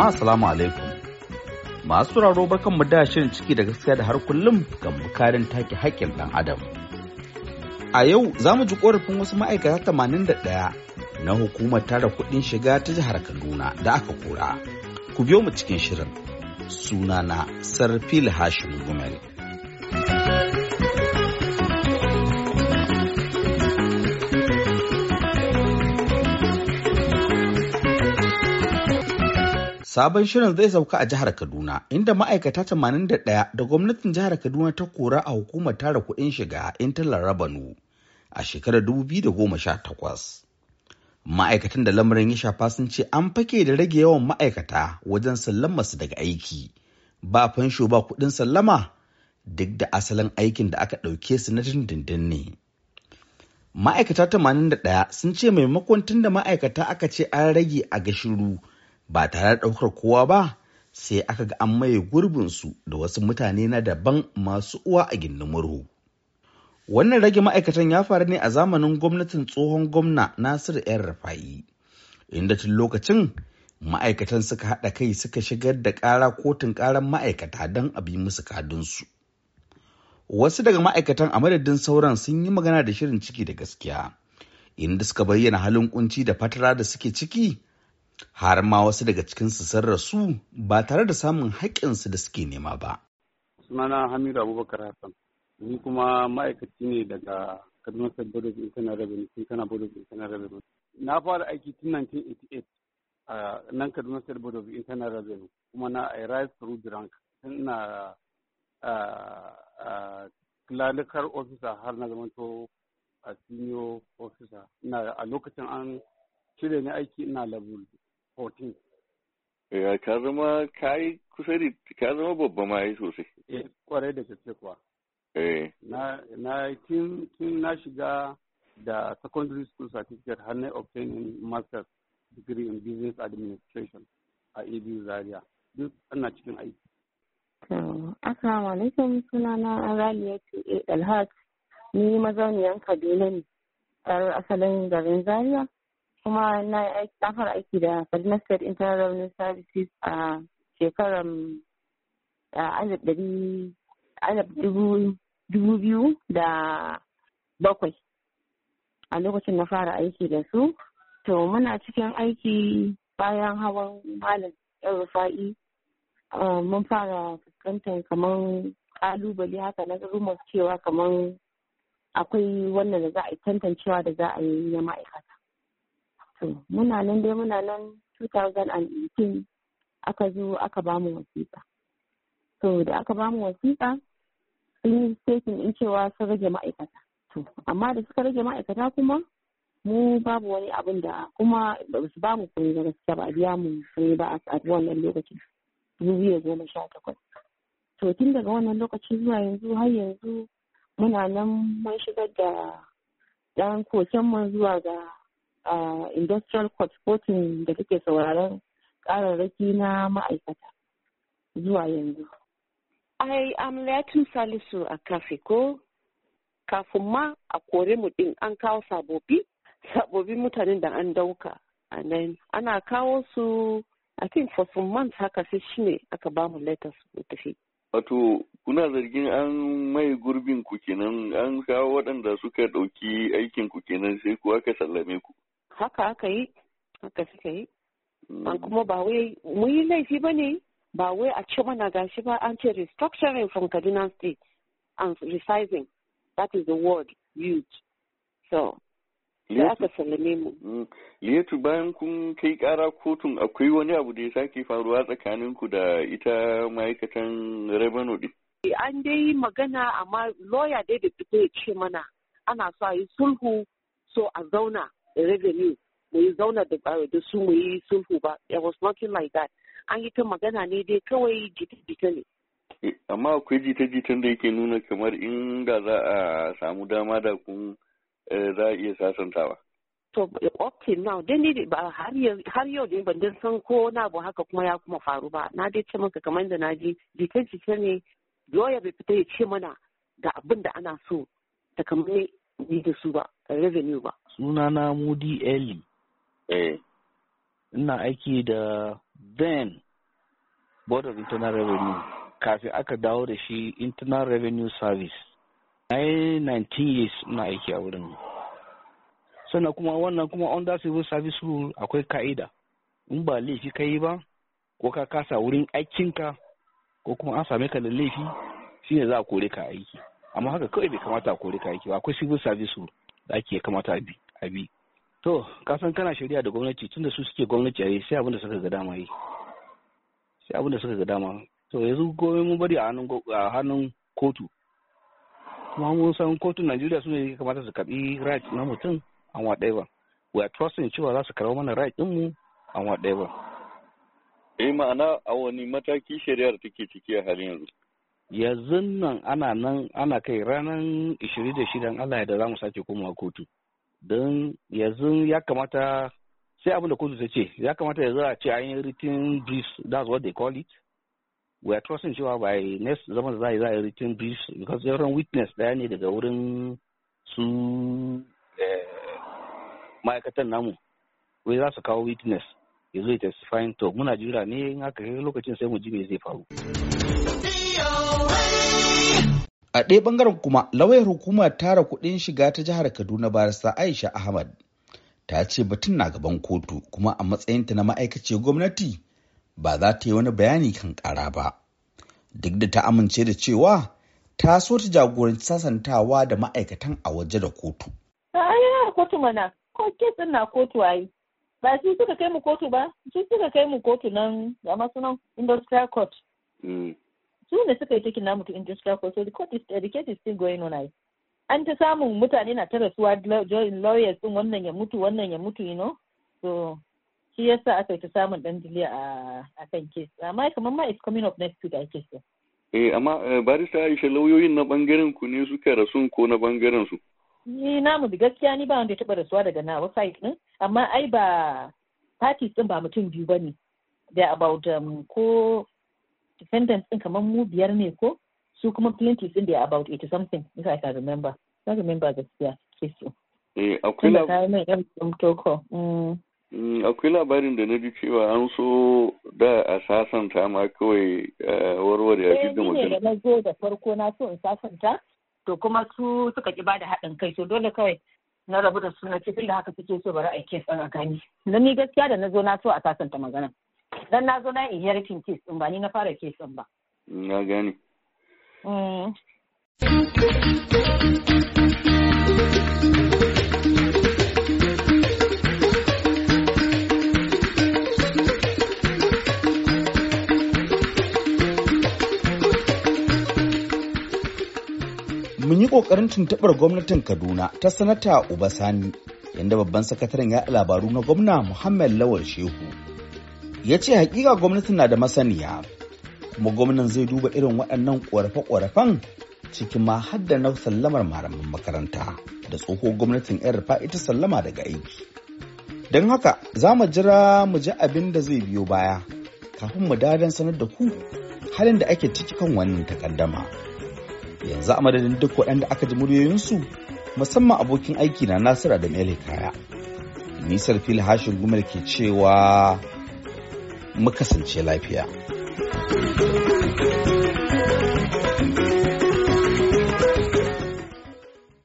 jama'a salamu alaikum masu raro barkan mu da shirin ciki da gaskiya da har kullum kan mukarin take haƙƙin ɗan adam a yau za mu ji korafin wasu ma'aikata 81 na hukumar tara kuɗin shiga ta jihar kaduna da aka kora ku biyo mu cikin shirin sunana sarfil hashim gumel Sabon shirin zai sauka a jihar Kaduna, inda ma'aikata 81 da gwamnatin jihar Kaduna ta kora a hukumar tara kuɗin shiga Intalar Rabanu a shekarar 2018. Ma'aikatan da lamarin ya shafa sun ce an fake da rage yawan ma'aikata wajen sallama su daga aiki, ba fansho ba kuɗin sallama duk da asalin aikin da aka ɗauke su na dindindin ne. Ma'aikata 81 sun ce maimakon tun da ma'aikata aka ce an rage a gashiru ba tare da ɗaukar kowa ba sai aka ga an maye gurbin su da wasu mutane na daban masu uwa a gindin murhu. Wannan rage ma'aikatan ya faru ne a zamanin gwamnatin tsohon gwamna Nasir ‘yan Rafa'i, inda tun lokacin ma'aikatan suka haɗa kai suka shigar da ƙara kotun ƙaran ma'aikata don a bi musu kadinsu. Wasu daga ma'aikatan a madadin sauran sun yi magana da shirin ciki da gaskiya, inda suka bayyana halin kunci da fatara da suke ciki har ma wasu daga cikinsu sun rasu ba tare da samun haƙƙinsu da suke nema ba. Sunana Hamidu Abubakar Hassan, ni kuma ma'aikaci ne daga Kaduna State Board of Internal Revenue, Internal Board of Internal Revenue. Na fara aiki tun 1988 a nan Kaduna State Board of Internal Revenue, kuma na I rise through the rank. Tun ina lalukar ofisa har na zamanto a senior officer. Ina a lokacin an cire ni aiki ina labulu. 2014 ya eh, ka zama ka yi kusa da ka zama babba ma yi sosai eh kwarai da gaske kuwa eh na na tun tun na shiga da secondary school certificate har na obtaining masters degree in business administration a ibi Zaria duk ana cikin aiki Assalamu alaikum sunana Raliyatu A. ni mazauniyan Kaduna ne, asalin garin Zaria. kuma na yi dan fara aiki da Kaduna Internal Revenue Services a shekarar alif dubu biyu da bakwai a lokacin na fara aiki da su to muna cikin aiki bayan hawan malam yan rufa'i mun fara fuskantar kamar kalubale haka na rumar cewa kamar akwai wannan da za a yi tantancewa da za a yi na ma'aikata To, muna nan dai muna nan 2018 aka zo aka bamu wasiƙa. To, da aka bamu wasiƙa, sun stating in cewa sun rage ma'aikata. To, amma da suka rage ma'aikata kuma, mu babu wani abin da kuma ba su ba mu koyi ba gaskiya ba a biya mu koyi ba a wannan lokacin. Dubu biyu goma sha takwas. To, tun daga wannan lokacin zuwa yanzu har yanzu muna nan mun shigar da ɗan mu zuwa ga A industrial court kotun da kake sauraron kararraki na ma'aikata zuwa yanzu. I am letting Salisu a kafe ko kafin ma a kore mu din an kawo sabobi, sabobi mutanen da an dauka a nan ana kawo su I think for some months haka sai shi ne aka ba mu letters mu tafi. Wato kuna zargin an mai gurbin ku kenan an kawo waɗanda suka ɗauki aikin ku kenan sai ku aka sallame ku. haka aka yi haka suka yi an kuma ba wai mu yi laifi ba ne ba wai a ce mana gashi ba an ce restructuring from kaduna state and resizing that is the word used so sai aka sallame mu mm. liyatu bayan kun kai kara kotun akwai wani abu da ya sake faruwa tsakanin ku da ita ma'aikatan revenue din an dai magana amma lawyer dai da fito ya ce mana ana so a yi sulhu so a zauna revenue mu yi zauna da da su mu yi sulhu ba it was nothing like that an yi ta magana ne dai kawai jita-jita ne amma akwai jita-jitan da yake nuna kamar in ga za a samu dama da kun eh, za a iya sasantawa to up till now dai ne ba har yau ne ban dan san ko na bu haka kuma ya kuma faru ba na dai ce maka kamar da na ji jita-jita ne lawyer bai fita ya ce mana ga abin da ana so takamai ni da su ba revenue ba suna na mudi eli eh. ina aiki da ben board of internal revenue kafin aka dawo da shi internal revenue service na yi 19 years ina aiki a wurin sannan kuma wannan kuma under civil service rule akwai ka'ida in ba laifi ka yi ba ko ka kasa wurin aikinka ko kuma an same ka da laifi shine za a kore ka aiki amma haka kawai bai kamata a kore ka aiki ba akwai civil service rule da ake kamata a bi abi to kasan kana shari'a da gwamnati tun da su suke gwamnati yayi sai abin da suka ga dama yi sai abin da suka ga dama to yanzu gobe mun bari a hannun kotu kuma mun san kotun Najeriya su ne kamata su karbi right na mutum an wa ɗaya ba we are trusting cewa za su karɓi mana right din mu an wa ɗaya ba eh ma'ana a wani mataki shari'ar take ciki a halin yanzu yanzu nan ana nan ana kai ranar 26 Allah ya da za mu sake komawa kotu don yanzu ya kamata sai abin da kotu ta ce ya kamata yanzu a ce an yi written brief that's what they call it we are trusting cewa by next zaman za a yi za a yi written brief because everyone witness daya ne daga wurin su eh, ma'aikatan namu wai za su kawo witness ya zo ya testifying to muna jira ne in haka lokacin sai mu ji me zai faru. a ɗaya bangaren kuma lawayar hukumar tara kuɗin shiga ta jihar kaduna barista aisha ahmad ta ce batun na gaban kotu kuma a matsayinta na ma'aikaciyar gwamnati ba za ta yi wani bayani kan ƙara ba duk da ta amince da cewa ta so ta jagoranci sasantawa da ma'aikatan a waje da kotu. A'a kotu mana ko kesin na kotu ayi ba su suka kai mu kotu ba su suka kai mu kotu nan ga masu nan industrial court. Mm. su ne suka yi taking namu in industrial court so the court is the case is still going on ai an ta samun mutane na ta rasuwa lawyers din wannan ya mutu wannan ya mutu you know so shi yasa aka ta samun dan dilia a kan case amma kamar ma is coming up next week I guess so eh amma eh, barista Aisha lauyoyin na bangaren ku ne suka rasu ko na bangaren su ni namu da gaskiya ni ba wanda ya taba rasuwa daga nawa website din amma ai ba parties din ba mutum biyu bane are about um, ko defendants din kamar mu biyar ne ko su kuma plaintiffs din da about 80 something if I can remember na remember gaskiya case din eh akwai labarin mm. mm, akwai labarin da na ji cewa an so da a sasanta ma kawai eh, warware ya fi mutum. ne da na zo da farko na so in sasanta, to kuma su suka ki bada haɗin kai, so dole kawai na rabu da suna cikin da haka suke so bari a kes a gani. Na ni gaskiya da na zo na so a sasanta magana. dan na zo na inheriting case din ba ni na fara case ba na gane mm. mun yi ƙoƙarin tuntuɓar gwamnatin kaduna ta sanata ubasani yadda babban sakataren ya labaru na gwamna muhammad lawal shehu ya ce hakika gwamnatin na da masaniya kuma gwamnan zai duba irin waɗannan ƙorafe-ƙorafen cikin ma har na sallamar malaman makaranta da tsoho gwamnatin yan rufa ita sallama daga aiki don haka za mu jira mu ji abin da zai biyo baya kafin mu dadan sanar da ku halin da ake ciki kan wannan takaddama yanzu a madadin duk waɗanda aka ji muryoyinsu musamman abokin aiki na nasira da mele kaya nisar fil hashin gumar ke cewa mu kasance lafiya.